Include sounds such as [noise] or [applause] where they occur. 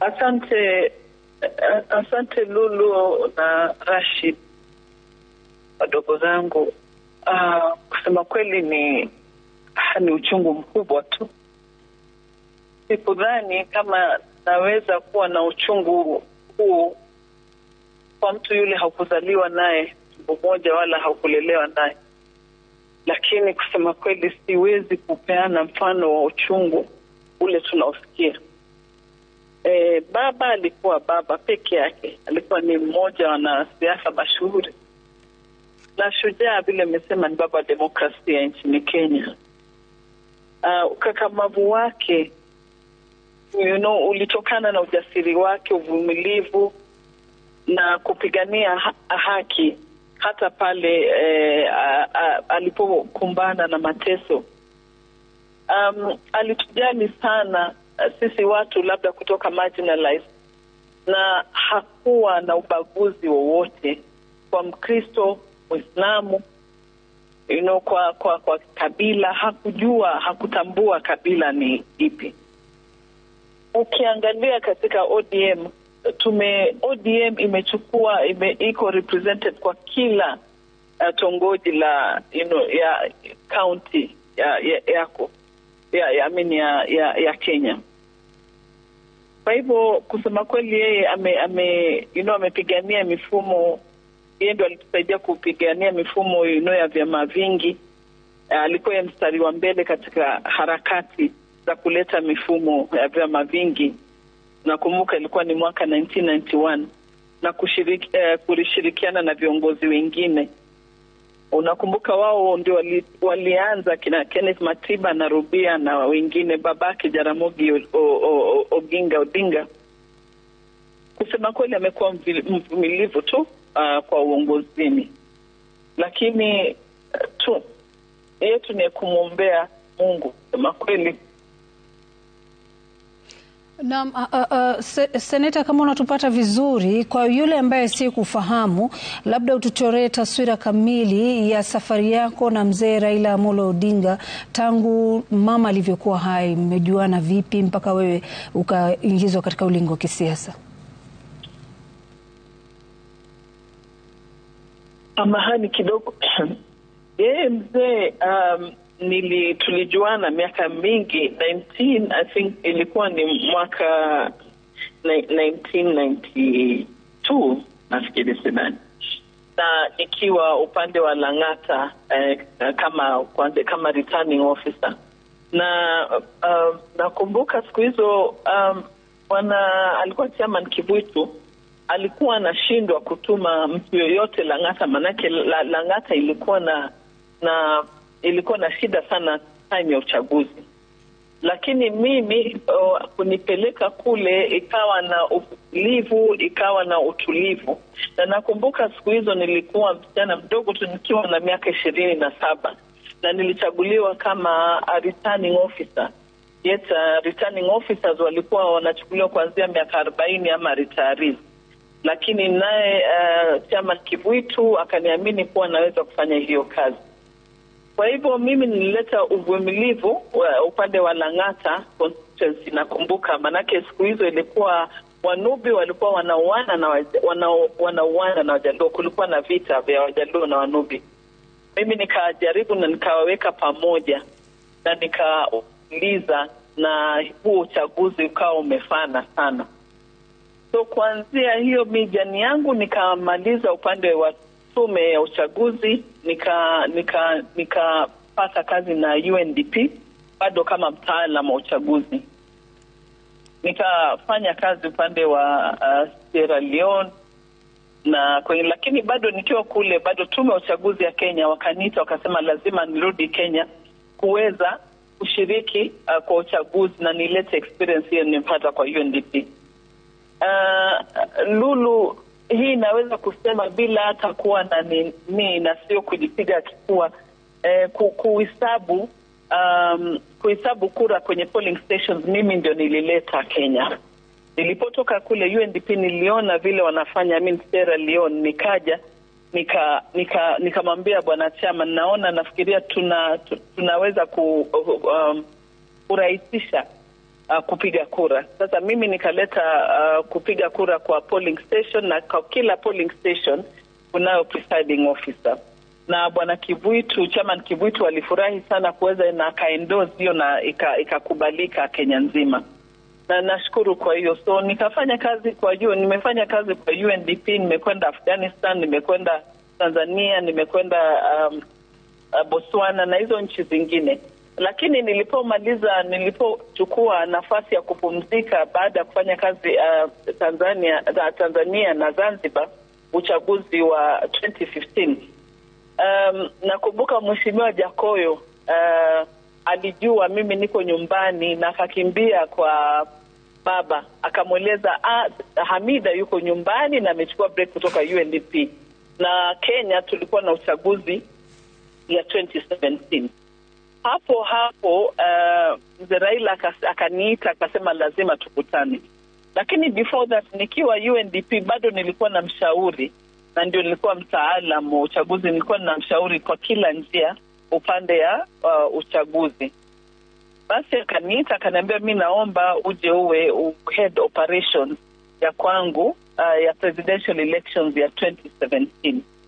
Asante, asante Lulu na Rashid, wadogo zangu. Uh, kusema kweli ni ah, ni uchungu mkubwa tu. Sikudhani kama naweza kuwa na uchungu huu kwa mtu yule haukuzaliwa naye tumbo moja wala haukulelewa naye, lakini kusema kweli siwezi kupeana mfano wa uchungu ule tunaosikia. E, baba alikuwa baba peke yake, alikuwa ni mmoja wa wanasiasa mashuhuri na shujaa, vile amesema ni baba wa demokrasia nchini Kenya. Uh, ukakamavu wake you know, ulitokana na ujasiri wake, uvumilivu na kupigania ha haki hata pale eh, alipokumbana na mateso. Um, alitujali sana Eh, sisi watu labda kutoka marginalized, na hakuwa na ubaguzi wowote kwa Mkristo, Muislamu, you know, kwa kwa kwa kabila. Hakujua, hakutambua kabila ni ipi. Ukiangalia katika ODM tume ODM imechukua ime, iko represented kwa kila uh, tongoji la you know, ya county ya, ya, yako ya, ya, I mean, ya, ya, ya Kenya. Kwa hivyo kusema kweli, yeye ame, ame, you know, amepigania mifumo, yeye ndo alitusaidia kupigania mifumo you know, ya vyama vingi. Alikuwa ye mstari wa mbele katika harakati za kuleta mifumo ya vyama vingi. Nakumbuka ilikuwa ni mwaka 1991 na kushiriki, eh, kulishirikiana na viongozi wengine Unakumbuka wao ndio wali, walianza kina Kenneth Matiba na Rubia na wengine, babake Jaramogi Oginga Odinga kusema kweli amekuwa mvumilivu tu uh, kwa uongozini, lakini uh, tu yetu ni kumwombea Mungu kusema kweli na, uh, uh, seneta kama unatupata vizuri, kwa yule ambaye si kufahamu, labda utuchoree taswira kamili ya safari yako na mzee Raila Amolo Odinga tangu mama alivyokuwa hai, mmejuana vipi mpaka wewe ukaingizwa katika ulingo wa kisiasa? Amahani kidogo [clears throat] yeye mzee um, nili tulijuana miaka mingi 19 I think ilikuwa ni mwaka 1992 nafikiri sidani na ikiwa upande wa Lang'ata eh, kama kama returning officer na uh, nakumbuka siku hizo um, alikuwa chairman Kivuitu alikuwa anashindwa kutuma mtu yoyote Lang'ata, maanake Lang'ata ilikuwa na na ilikuwa na shida sana time ya uchaguzi, lakini mimi uh, kunipeleka kule ikawa na utulivu, ikawa na utulivu. Na nakumbuka siku hizo nilikuwa msichana mdogo tu nikiwa na miaka ishirini na saba na nilichaguliwa kama uh, returning officer. Yet, uh, returning officers walikuwa wanachukuliwa kuanzia miaka arobaini ama retirees, lakini naye uh, chama Kivuitu akaniamini kuwa naweza kufanya hiyo kazi kwa hivyo mimi nilileta uvumilivu eh, upande wa Lang'ata constituency, nakumbuka, maanake siku hizo ilikuwa Wanubi walikuwa wanauana na wanauana na Wajaluo, kulikuwa na vita vya Wajaluo na Wanubi. Mimi nikajaribu na nikawaweka pamoja na nikauliza, na huo uchaguzi ukawa umefana sana. So kuanzia hiyo mijani yangu nikamaliza upande wa tume ya uchaguzi nikapata nika, nikapata kazi na UNDP bado kama mtaalam wa uchaguzi. Nikafanya kazi upande wa uh, Sierra Leone na kwenye, lakini bado nikiwa kule bado tume ya uchaguzi ya Kenya wakaniita wakasema lazima nirudi Kenya kuweza kushiriki uh, kwa uchaguzi na nilete experience hiyo nimepata kwa UNDP. Uh, Lulu hii naweza kusema bila hata kuwa na nini ni, na sio kujipiga kifua eh, ku, kuhesabu um, kuhesabu kura kwenye polling stations mimi ndio nilileta Kenya. Nilipotoka kule UNDP niliona vile wanafanya mimi Sierra Leone, nikaja nikamwambia nika, nika bwana chama, naona nafikiria tuna, tu, tunaweza ku, um, kurahisisha uh, kupiga kura. Sasa mimi nikaleta uh, kupiga kura kwa polling station, na kwa kila polling station kunayo presiding officer na bwana Kivuitu, chairman Kivuitu alifurahi sana kuweza na kaendorse hiyo na ikakubalika ika Kenya nzima, na nashukuru kwa hiyo. So nikafanya kazi kwa hiyo, nimefanya kazi kwa UNDP, nimekwenda Afghanistan, nimekwenda Tanzania, nimekwenda um, uh, Botswana na hizo nchi zingine lakini nilipomaliza, nilipochukua nafasi ya kupumzika baada ya kufanya kazi uh, Tanzania, Tanzania na Zanzibar uchaguzi wa 2015 um, nakumbuka Mheshimiwa Jakoyo uh, alijua mimi niko nyumbani na akakimbia kwa baba akamweleza, ah, Hamida yuko nyumbani na amechukua break kutoka UNDP na Kenya tulikuwa na uchaguzi ya hapo hapo uh, mzee Raila akaniita akasema lazima tukutane, lakini before that nikiwa UNDP bado nilikuwa na mshauri na ndio nilikuwa mtaalam wa uchaguzi, nilikuwa na mshauri kwa kila njia upande ya uh, uchaguzi. Basi akaniita akaniambia, mi naomba uje uwe head operations ya kwangu uh, ya presidential elections ya 2017